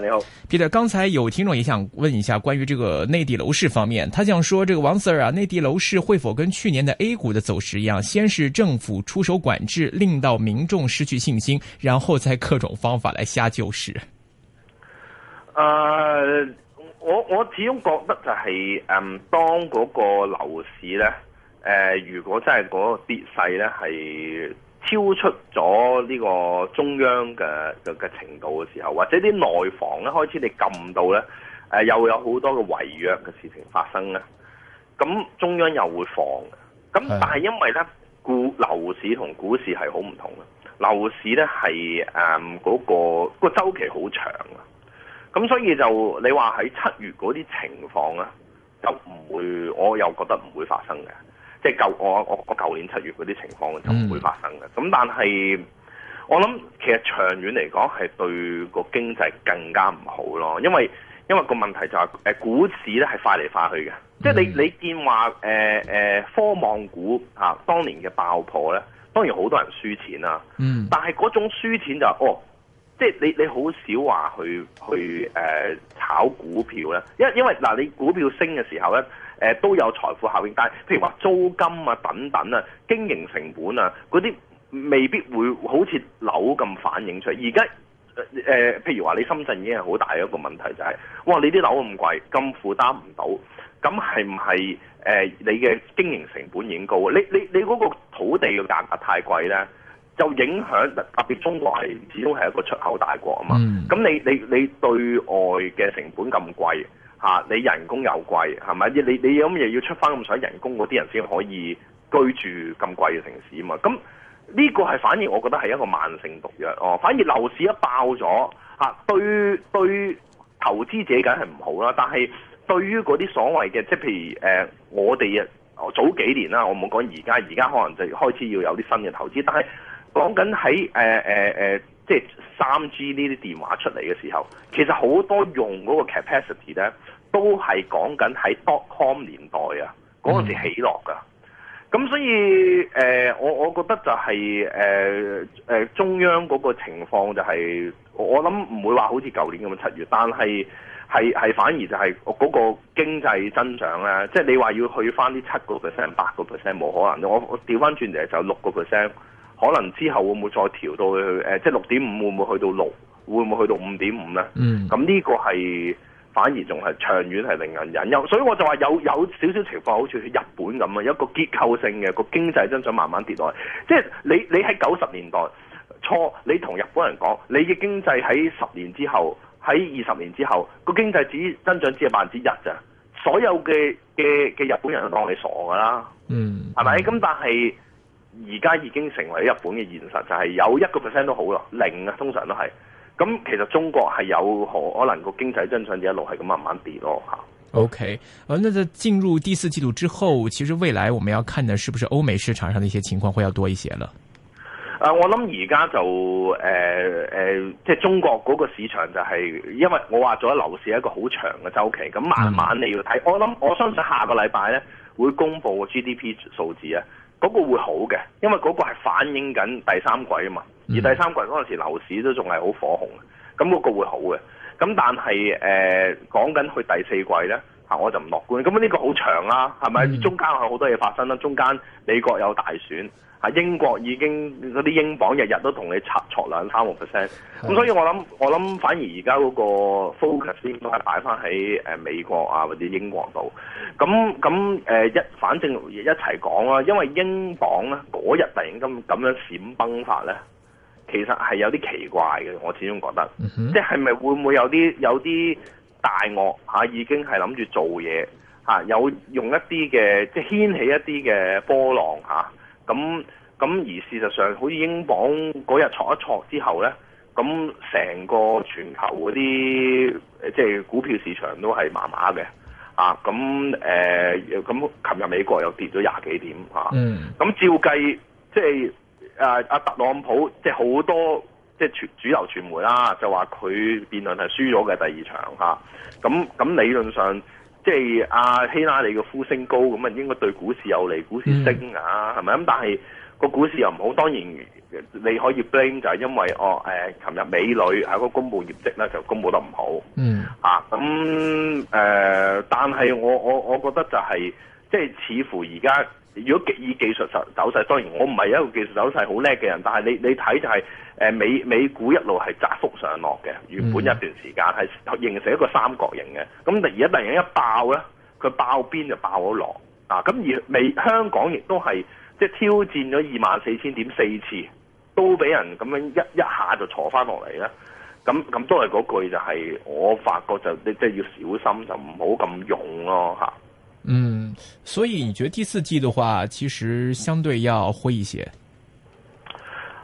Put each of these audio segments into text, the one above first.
你好，Peter。剛才有聽眾也想問一下關於這個內地樓市方面，他想說這個王 Sir 啊，內地樓市會否跟去年的 A 股的走勢一樣，先是政府出手管制，令到民眾失去信心，然後再各種方法來下救市？呃，我我始終覺得就係、是，嗯，當嗰個樓市呢，誒、呃，如果真係嗰個跌勢呢，係。超出咗呢個中央嘅嘅嘅程度嘅時候，或者啲內房一開始你撳到咧、呃，又有好多嘅違約嘅事情發生咁、嗯、中央又會防，咁、嗯、但係因為咧，股樓市同股市係好唔同嘅，樓市咧係嗰個、嗰個周期好長啊，咁、嗯、所以就你話喺七月嗰啲情況咧，就唔會，我又覺得唔會發生嘅。即係舊我我我舊年七月嗰啲情況就唔會發生嘅，咁、嗯、但係我諗其實長遠嚟講係對個經濟更加唔好咯，因為因為個問題就係誒股市咧係快嚟快去嘅，嗯、即係你你見話誒誒、呃、科望股嚇、啊、當年嘅爆破咧，當然好多人輸錢啦，嗯、但係嗰種輸錢就哦，即係你你好少話去去誒、啊、炒股票咧，因為因為嗱、呃、你股票升嘅時候咧。誒都有財富效應，但係譬如話租金啊、等等啊、經營成本啊，嗰啲未必會好似樓咁反映出嚟。而家誒，譬如話你深圳已經係好大一個問題，就係哇你啲樓咁貴，咁負擔唔到，咁係唔係誒你嘅經營成本已經高？你你你嗰個土地嘅價格太貴咧，就影響，特別中國係始終係一個出口大國啊嘛，咁你你你對外嘅成本咁貴。嚇、啊！你人工又貴，係咪？你你咁又要出翻咁多人工，嗰啲人先可以居住咁貴嘅城市啊嘛！咁呢、這個係反而我覺得係一個慢性毒藥哦。反而樓市一爆咗嚇、啊，對對投資者梗係唔好啦。但係對於嗰啲所謂嘅，即係譬如誒、呃，我哋啊早幾年啦，我冇講而家，而家可能就開始要有啲新嘅投資。但係講緊喺誒誒誒。呃呃呃即係三 G 呢啲電話出嚟嘅時候，其實好多用嗰個 capacity 咧，都係講緊喺 dot com 年代啊嗰陣時起落㗎。咁所以誒、呃，我我覺得就係誒誒中央嗰個情況就係、係，我諗唔會話好似舊年咁樣七月，但係係係反而就係嗰個經濟增長咧，即係你話要去翻啲七個 percent、八個 percent 冇可能。我我調翻轉嚟就六個 percent。可能之後會唔會再調到去？誒、呃，即係六點五會唔會去到六？會唔會去到五點五呢？咁、嗯、呢個係反而仲係長遠係令人隱憂，所以我就話有有少少情況好似去日本咁啊，一個結構性嘅個經濟增長慢慢跌落，即係你你喺九十年代初，你同日本人講，你嘅經濟喺十年之後，喺二十年之後個經濟只增長只係百分之一咋，所有嘅嘅嘅日本人當你傻噶啦，嗯，係咪？咁但係。而家已經成為日本嘅現實，就係、是、有一個 percent 都好咯，零啊，通常都係。咁其實中國係有可可能個經濟增長一路係咁慢慢跌落下。OK，啊，那在進入第四季度之後，其實未來我們要看嘅是唔是歐美市場上的一些情況會要多一些呢？啊、呃，我諗而家就誒誒，即、呃、係、呃、中國嗰個市場就係、是、因為我話咗樓市係一個好長嘅周期，咁慢慢你要睇、嗯。我諗我相信下個禮拜呢會公布 GDP 數字啊。嗰、那個會好嘅，因為嗰個係反映緊第三季啊嘛，而第三季嗰陣時樓市都仲係好火紅嘅，咁、那、嗰個會好嘅，咁但係誒、呃、講緊去第四季咧，我就唔樂觀，咁呢個好長啦，係咪？Mm -hmm. 中間有好多嘢發生啦，中間美國有大選，嚇英國已經嗰啲英鎊日日都同你拆錯兩三個 percent，咁所以我諗我諗反而而家嗰個 focus 應該係擺翻喺誒美國啊或者英國度，咁咁誒一反正一齊講啦，因為英鎊咧嗰日突然間咁樣閃崩法咧，其實係有啲奇怪嘅，我始終覺得，mm -hmm. 即係咪會唔會有啲有啲？大鱷嚇、啊、已經係諗住做嘢嚇，有用一啲嘅即係掀起一啲嘅波浪嚇。咁、啊、咁、啊啊、而事實上，好似英鎊嗰日挫一挫之後咧，咁、啊、成個全球嗰啲即係股票市場都係麻麻嘅啊。咁、啊、誒，咁琴日美國又跌咗廿幾點啊。咁、mm. 啊、照計即係啊，阿特朗普即係好多。即係主流傳媒啦，就話佢辯論係輸咗嘅第二場吓，咁咁理論上，即係阿希拉里嘅呼聲高，咁啊應該對股市有利，股市升啊，係、嗯、咪？咁但係個股市又唔好，當然你可以 blame 就係因為哦誒，琴、呃、日美女喺個公佈業績咧就公佈得唔好，嗯咁誒、啊呃，但係我我我覺得就係、是。即、就、係、是、似乎而家，如果以技術走走勢，當然我唔係一個技術走勢好叻嘅人，但係你你睇就係誒美美股一路係窄幅上落嘅，原本一段時間係形成一個三角形嘅，咁而家突然間一爆咧，佢爆邊就爆咗落啊！咁而美香港亦都係即係挑戰咗二萬四千點四次，都俾人咁樣一一下就挫返落嚟啦。咁咁都係嗰句就係，我發覺就你即係要小心就不要麼、啊，就唔好咁用咯嚇。嗯，所以你覺得第四季嘅話，其實相對要灰一些。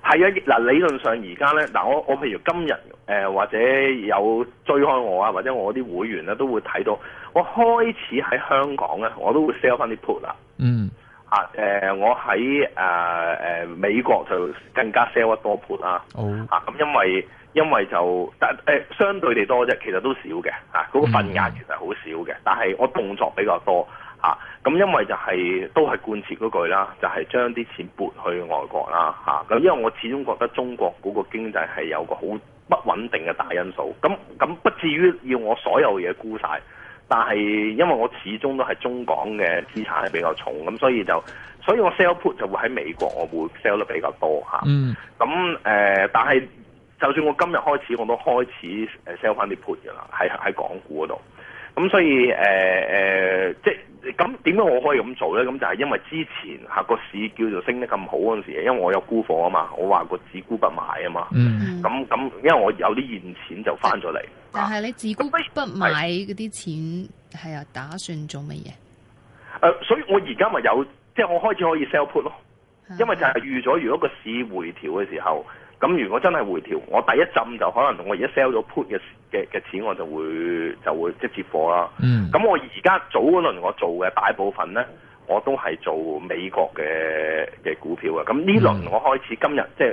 係啊，嗱理論上而家咧，嗱我我譬如今日誒、呃，或者有追開我啊，或者我啲會員咧都會睇到，我開始喺香港咧，我都會 sell 翻啲盤啦。嗯，啊、呃、誒，我喺誒誒美國就更加 sell 得多盤啦。哦，啊、呃，咁因為。因為就但、欸、相對地多啫，其實都少嘅嗰、啊那個份額其實好少嘅。但係我動作比較多咁、啊、因為就係、是、都係貫徹嗰句啦，就係將啲錢撥去外國啦咁、啊、因為我始終覺得中國嗰個經濟係有個好不穩定嘅大因素，咁咁不至於要我所有嘢沽晒。但係因為我始終都係中港嘅資產係比較重，咁所以就所以我 sell put 就會喺美國，我會 sell 得比較多，嗯，咁、啊呃、但係。就算我今日開始，我都開始 sell 翻啲 put 噶啦，喺喺港股嗰度。咁所以誒誒、呃，即係咁點解我可以咁做咧？咁就係因為之前下個市叫做升得咁好嗰陣時，因為我有沽貨啊嘛，我話過只沽不買啊嘛。咁、嗯、咁，因為我有啲現錢就翻咗嚟。但係你只沽不買嗰啲錢係啊？打算做乜嘢？誒、呃，所以我而家咪有，即係我開始可以 sell put 咯。因為就係預咗，如果個市回調嘅時候。咁如果真係回調，我第一浸就可能我而家 sell 咗 put 嘅嘅嘅錢，我就會就會即係接貨啦。咁、嗯、我而家早嗰輪我做嘅大部分咧，我都係做美國嘅嘅股票嘅。咁呢輪我開始、嗯、今日即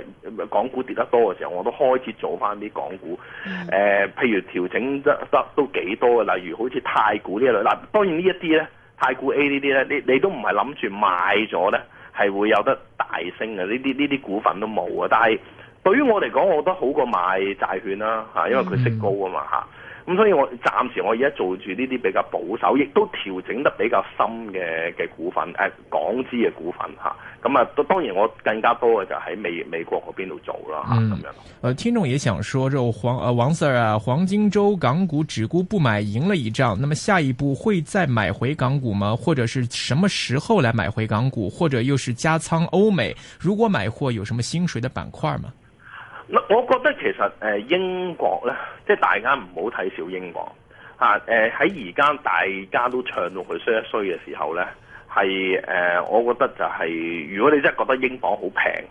係港股跌得多嘅時候，我都開始做翻啲港股、嗯呃。譬如調整得得都幾多嘅，例如好似太古呢一類。嗱，當然呢一啲咧，太古 A 呢啲咧，你你都唔係諗住買咗咧，係會有得大升嘅，呢啲呢啲股份都冇啊，但係。對於我嚟講，我覺得好過買債券啦，因為佢息高啊嘛，咁、嗯啊、所以我暫時我而家做住呢啲比較保守，亦都調整得比較深嘅嘅股份，呃、港資嘅股份嚇，咁啊，當然我更加多嘅就喺美美國嗰邊度做啦，嚇、啊，咁、嗯、樣。呃、聽眾也想說這黃、呃，王 Sir 啊，黃金周港股只沽不買，贏了一仗，那麼下一步會再買回港股嗎？或者是什麼時候來買回港股？或者又是加倉歐美？如果買貨，有什麼薪水的板塊嗎？嗱，我覺得其實誒英國咧，即係大家唔好睇小英國嚇。誒喺而家大家都唱到佢衰一衰嘅時候咧，係誒我覺得就係、是、如果你真係覺得英鎊好平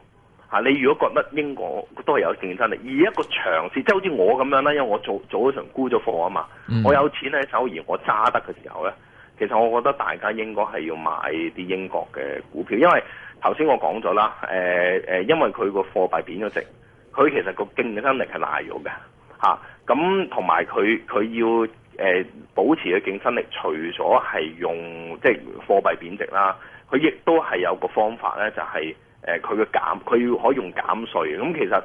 嚇，你如果覺得英國都係有競爭力，而一個長線即係好似我咁樣啦，因為我早早一場沽咗貨啊嘛，我有錢喺手而我揸得嘅時候咧，其實我覺得大家應該係要買啲英國嘅股票，因為頭先我講咗啦，誒誒，因為佢個貨幣貶咗值。佢其實個競爭力係大咗嘅，嚇，咁同埋佢佢要誒、呃、保持嘅競爭力，除咗係用即係貨幣貶值啦，佢亦都係有個方法咧，就係誒佢嘅減，佢、呃、要可以用減稅。咁、啊、其實誒、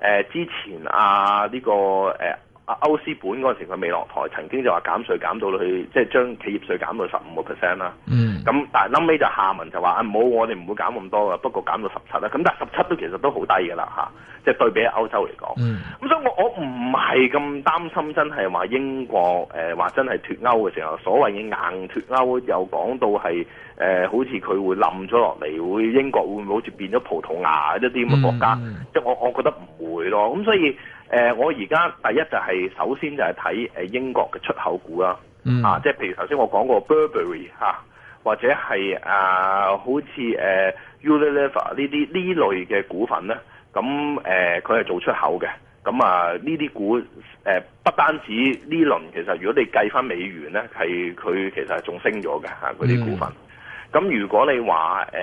呃、之前啊呢、這個誒。呃阿歐斯本嗰陣時佢未落台，曾經就話減稅減到去，即係將企業稅減到十五個 percent 啦。嗯。咁但係臨尾就夏文就話：，啊冇，我哋唔會減咁多噶，不過減到十七啦。咁但係十七都其實都好低嘅啦嚇，即係對比歐洲嚟講。咁、嗯、所以我我唔係咁擔心，真係話英國誒話、呃、真係脱歐嘅時候，所謂嘅硬脱歐又講到係誒、呃、好似佢會冧咗落嚟，會英國會唔會好似變咗葡萄牙一啲咁嘅國家？嗯、即係我我覺得唔會咯，咁所以。誒、呃，我而家第一就係首先就係睇英國嘅出口股啦、啊嗯，啊，即係譬如頭先我講過 Burberry 嚇、啊，或者係啊，好似誒 Unilever 呢啲呢類嘅股份咧，咁誒佢係做出口嘅，咁、嗯、啊呢啲股誒、呃、不單止呢輪，其實如果你計翻美元咧，係佢其實係仲升咗嘅嚇嗰啲股份。咁、嗯、如果你話誒、呃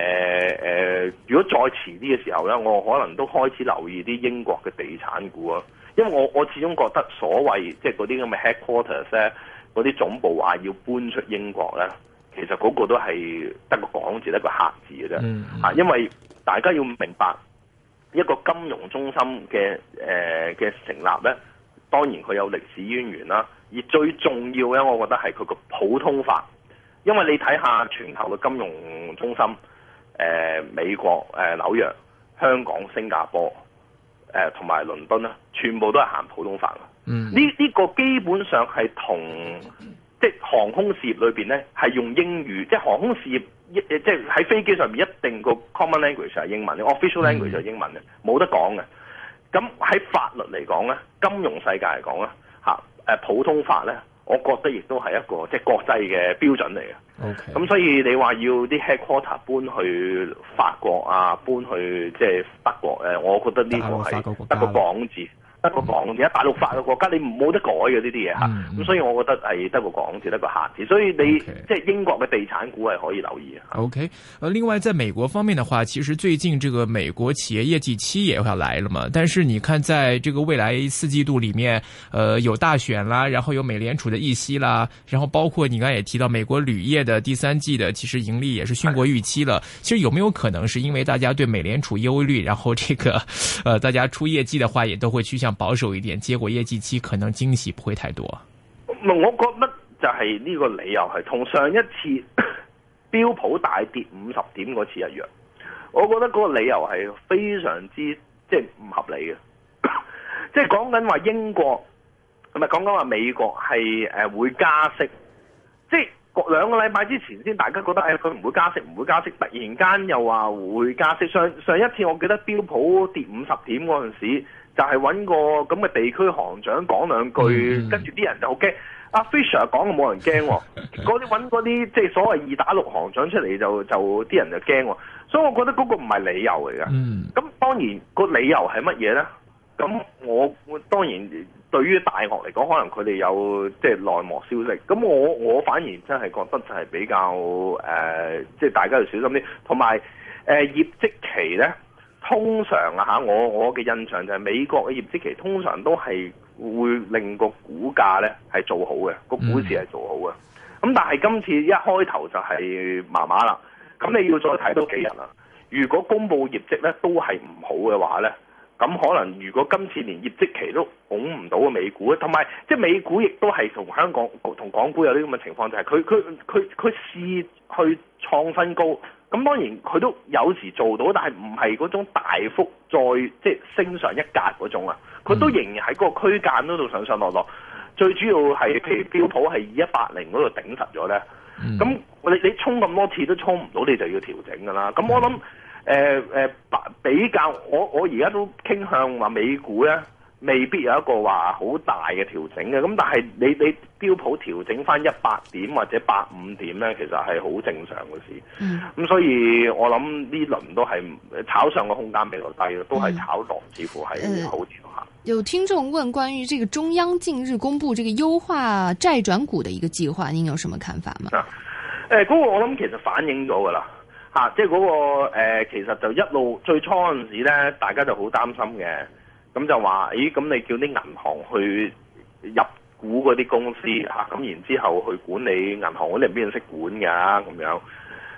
呃、如果再遲啲嘅時候咧，我可能都開始留意啲英國嘅地產股啊。因為我我始終覺得所謂即係嗰啲咁嘅 headquarters 咧，嗰啲總部話要搬出英國咧，其實嗰個都係得個講字得個嚇字嘅啫、mm -hmm. 啊。因為大家要明白一個金融中心嘅嘅、呃、成立咧，當然佢有歷史淵源啦。而最重要咧，我覺得係佢個普通法，因為你睇下全球嘅金融中心，呃、美國誒紐約、香港、新加坡。誒同埋倫敦啦，全部都係行普通法。嗯呢呢、呢個基本上係同即係航空事業裏面呢，咧，係用英語。即係航空事業，即係喺飛機上面一定個 common language 係英文、嗯、official language 就係英文嘅，冇得講嘅。咁喺法律嚟講咧，金融世界嚟講咧，嚇誒普通法咧，我覺得亦都係一個即係國際嘅標準嚟嘅。咁、okay. 嗯、所以你話要啲 headquarter 搬去法國啊，搬去即係德國誒，我覺得呢個係得個講字。得個講，而家大陸法嘅國家你冇得改嘅呢啲嘢嚇，咁、嗯、所以我覺得係得個講字得個限字，所以你、okay. 即係英國嘅地產股係可以留意嘅。OK、呃、另外在美國方面嘅話，其實最近這個美國企業業績期也要來了嘛，但是你看，在這個未來四季度裡面，呃，有大選啦，然後有美聯儲的議息啦，然後包括你剛也提到美國鋁業的第三季的，其實盈利也是遜過預期了。其實有沒有可能，是因為大家對美聯儲憂慮，然後這個，誒、呃、大家出業績的話，也都會趨向。保守一點，結果業績期可能驚喜不會太多。我覺得就係呢個理由係同上一次標普大跌五十點嗰次一樣。我覺得嗰個理由係非常之即係唔合理嘅，即係講緊話英國，唔係講緊話美國係誒會加息。即係兩個禮拜之前先大家覺得誒佢唔會加息，唔會加息，突然間又話會加息。上上一次我記得標普跌五十點嗰陣時。但係揾個咁嘅地區行長講兩句，跟住啲人就好驚。阿、 啊、Fisher 講 就冇人驚，嗰啲揾嗰啲即係所謂二打六行長出嚟就就啲人就驚。所以我覺得嗰個唔係理由嚟㗎。咁、嗯、當然個理由係乜嘢呢？咁我當然對於大鱷嚟講，可能佢哋有即係、就是、內幕消息。咁我我反而真係覺得就係比較誒，即、呃、係、就是、大家要小心啲。同埋誒業績期呢。通常啊吓，我我嘅印象就係美國嘅業績期通常都係會令個股價咧係做好嘅，個股市係做好嘅。咁、嗯、但係今次一開頭就係麻麻啦。咁你要再睇多幾日啦。如果公佈業績咧都係唔好嘅話咧，咁可能如果今次連業績期都拱唔到嘅美股，同埋即係美股亦都係同香港同港股有啲咁嘅情況，就係佢佢佢佢試去創新高。咁當然佢都有時做到，但係唔係嗰種大幅再即係升上一格嗰種啊！佢都仍然喺個區間嗰度上上落落。最主要係譬如標普係二一八零嗰度頂實咗咧，咁你你衝咁多次都衝唔到，你就要調整㗎啦。咁我諗誒、呃呃、比較我我而家都傾向話美股咧。未必有一個話好大嘅調整嘅，咁但係你你標普調整翻一百點或者百五點咧，其實係好正常嘅事。嗯，咁、嗯、所以我諗呢輪都係炒上嘅空間比較低，都係炒落，似乎係好啲咯。有聽眾問關於這個中央近日公布這個優化債轉股嘅一個計劃，您有什麼看法嗎？誒，嗰、啊呃那個我諗其實反映咗噶啦，嚇、啊，即係嗰、那個、呃、其實就一路最初嗰時時咧，大家就好擔心嘅。咁就話，誒、哎，咁你叫啲銀行去入股嗰啲公司嚇，咁、啊、然之後去管理銀行嗰啲人邊識管㗎？咁樣，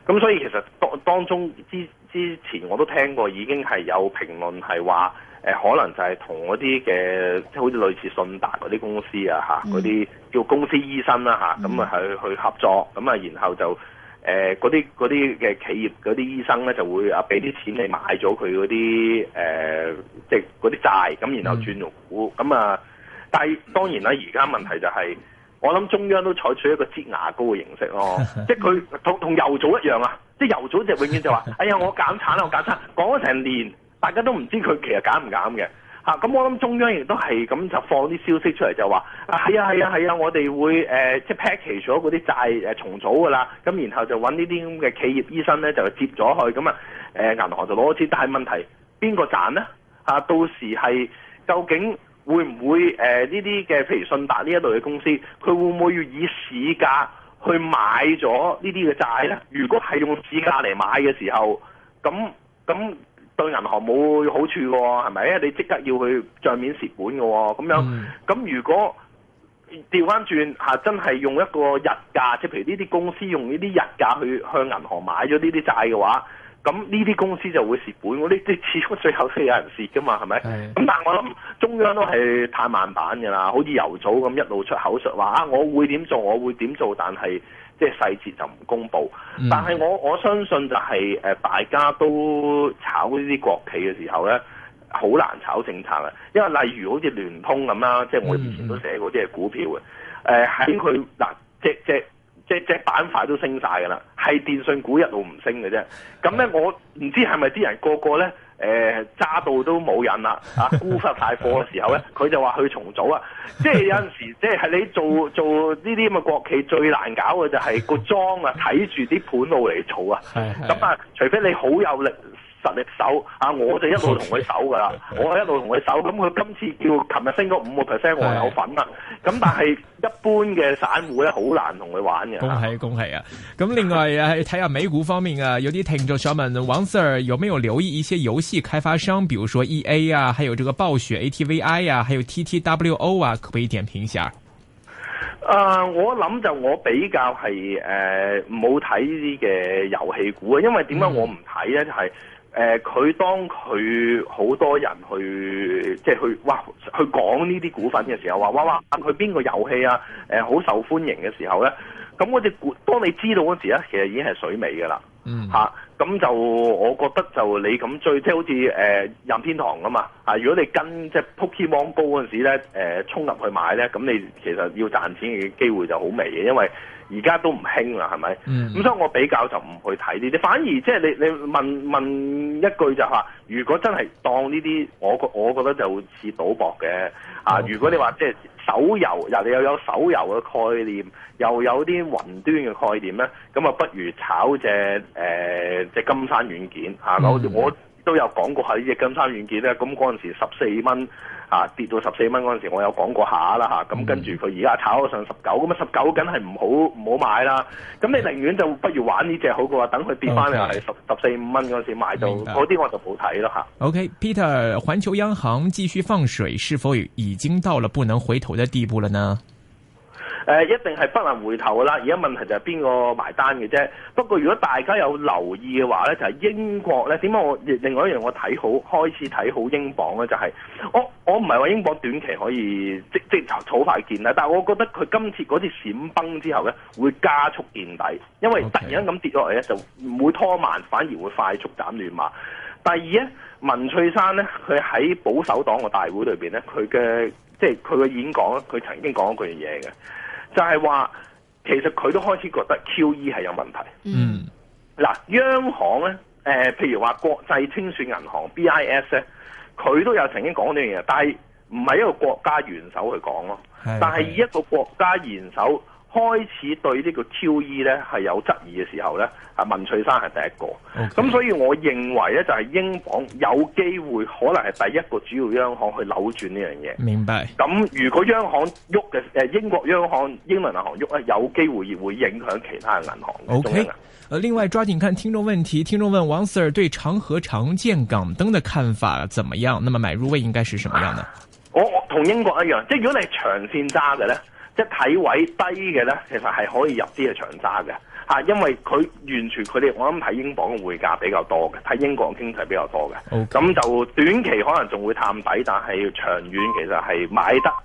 咁所以其實當當中之之前我都聽過，已經係有評論係話，誒，可能就係同嗰啲嘅即係好似類似信達嗰啲公司啊，嗰啲叫公司醫生啦嚇，咁啊，啊去去合作，咁啊然後就。誒，嗰啲嗰啲嘅企業嗰啲醫生咧，就會啊俾啲錢你買咗佢嗰啲誒即係嗰啲債咁，然後轉入股咁啊！嗯、但係當然啦，而家問題就係、是、我諗中央都採取一個擠牙膏嘅形式咯， 即係佢同同油組一樣啊！即係油組就永遠就話：哎呀，我減產啦，我減產，講咗成年，大家都唔知佢其實減唔減嘅。嚇、啊！咁我諗中央亦都係咁就放啲消息出嚟就話，啊係啊係啊係啊！我哋會誒即、呃、係、就是、package 咗嗰啲債誒、呃、重組㗎啦，咁然後就揾呢啲咁嘅企業醫生咧就接咗去，咁啊誒銀行就攞錢，但係問題邊個賺咧？嚇、啊！到時係究竟會唔會誒呢啲嘅譬如信達呢一類嘅公司，佢會唔會要以市價去買咗呢啲嘅債咧？如果係用市價嚟買嘅時候，咁咁。對銀行冇好處嘅，係咪？你即刻要去賬面蝕本嘅，咁樣。咁、嗯、如果調翻轉吓，真係用一個日價，即係譬如呢啲公司用呢啲日價去向銀行買咗呢啲債嘅話，咁呢啲公司就會蝕本的。我呢啲始終最後都有人蝕噶嘛，係咪？咁但係我諗中央都係太慢板噶啦，好似由早咁一路出口術話啊我會點做，我會點做，但係。即係細節就唔公布，但係我我相信就係誒大家都炒呢啲國企嘅時候咧，好難炒政策嘅，因為例如好似聯通咁啦，即係我以前都寫過即係股票嘅，誒喺佢嗱隻只只隻板塊都升晒㗎啦，係電信股一路唔升嘅啫，咁咧我唔知係咪啲人各個個咧。誒揸到都冇人啦！啊，沽失大貨嘅時候咧，佢就話去重組啊！即係有陣時，即係係你做做呢啲咁嘅國企最難搞嘅就係個莊啊，睇住啲盤路嚟操 樣啊！咁啊，除非你好有力。實力守啊！我就一路同佢守噶啦， 我係一路同佢守。咁佢今次叫琴日升咗五個 percent，我有份啊。咁 但係一般嘅散戶咧，好難同佢玩嘅。恭喜恭喜啊！咁另外啊，睇下美股方面啊，有啲聽眾想問王 Sir，有冇有留意一些遊戲開發商，比如說 EA 啊，還有這個暴雪 ATVI 啊，還有 TTWO 啊，可唔可以點評一下？誒、呃，我諗就我比較係誒冇睇呢啲嘅遊戲股嘅，因為點解我唔睇咧？就、嗯、係誒、呃、佢當佢好多人去即係去哇去講呢啲股份嘅時候，話哇哇佢邊個遊戲啊？好、呃、受歡迎嘅時候咧，咁嗰隻股當你知道嗰時咧，其實已經係水尾㗎啦。嗯、啊，咁就我覺得就你咁追，即係好似誒、呃、任天堂啊嘛啊！如果你跟即係 Pokemon Go 嗰陣時咧，誒、呃、衝入去買咧，咁你其實要賺錢嘅機會就好微嘅，因為。而家都唔興啦，係咪？咁、mm -hmm. 所以，我比較就唔去睇呢啲，反而即係你你問問一句就話、是，如果真係當呢啲，我覺我覺得就似賭博嘅、okay. 啊！如果你話即係手遊，你又有手遊嘅概念，又有啲雲端嘅概念咧，咁啊，不如炒隻誒隻金山軟件啊！我、mm -hmm. 我都有講過喺隻金山軟件咧，咁嗰陣時十四蚊。啊，跌到十四蚊嗰陣時，我有講過下啦嚇，咁跟住佢而家炒到上十九、嗯，咁啊十九梗係唔好唔好買啦。咁你寧願就不如玩呢隻好過啊，等佢跌翻嚟十十四五蚊嗰陣時買到，嗰啲我就冇睇咯嚇。OK，Peter，、okay, 環球央行繼續放水，是否已經到了不能回頭的地步了呢？誒、呃、一定係不能回頭噶啦！而家問題就係邊個埋單嘅啫。不過如果大家有留意嘅話咧，就係、是、英國咧，點解我另外一樣我睇好開始睇好英鎊咧，就係、是、我我唔係話英鎊短期可以即即好快見底，但係我覺得佢今次嗰次閃崩之後咧，會加速見底，因為突然咁跌落嚟咧，就唔會拖慢，反而會快速斬亂麻。第二咧，文翠珊咧，佢喺保守黨嘅大會裏面咧，佢嘅即係佢嘅演講，佢曾經講過一樣嘢嘅。就係、是、話，其實佢都開始覺得 QE 係有問題。嗯，嗱，央行咧，誒、呃，譬如話國際清算銀行 BIS 咧，佢都有曾經講呢樣嘢，但係唔係一個國家元首去講咯，是但係以一個國家元首，開始對呢個 QE 呢係有質疑嘅時候呢啊文翠珊係第一個，咁、okay. 所以我認為呢，就係英鎊有機會可能係第一個主要央行去扭轉呢樣嘢。明白。咁如果央行喐嘅誒英國央行英倫銀行喐呢有機會亦會影響其他嘅銀行,行。O、okay. K，另外抓緊看聽眾問題，聽眾問王 Sir 對長和長建港燈的看法怎麼樣？那麼買入位應該是什麼樣呢我？我同英國一樣，即係如果你係長線揸嘅呢。即係體位低嘅咧，其實係可以入啲嘅長揸嘅、啊、因為佢完全佢哋我諗睇英鎊嘅匯價比較多嘅，睇英國經濟比較多嘅，咁、okay. 就短期可能仲會探底，但係長遠其實係買得。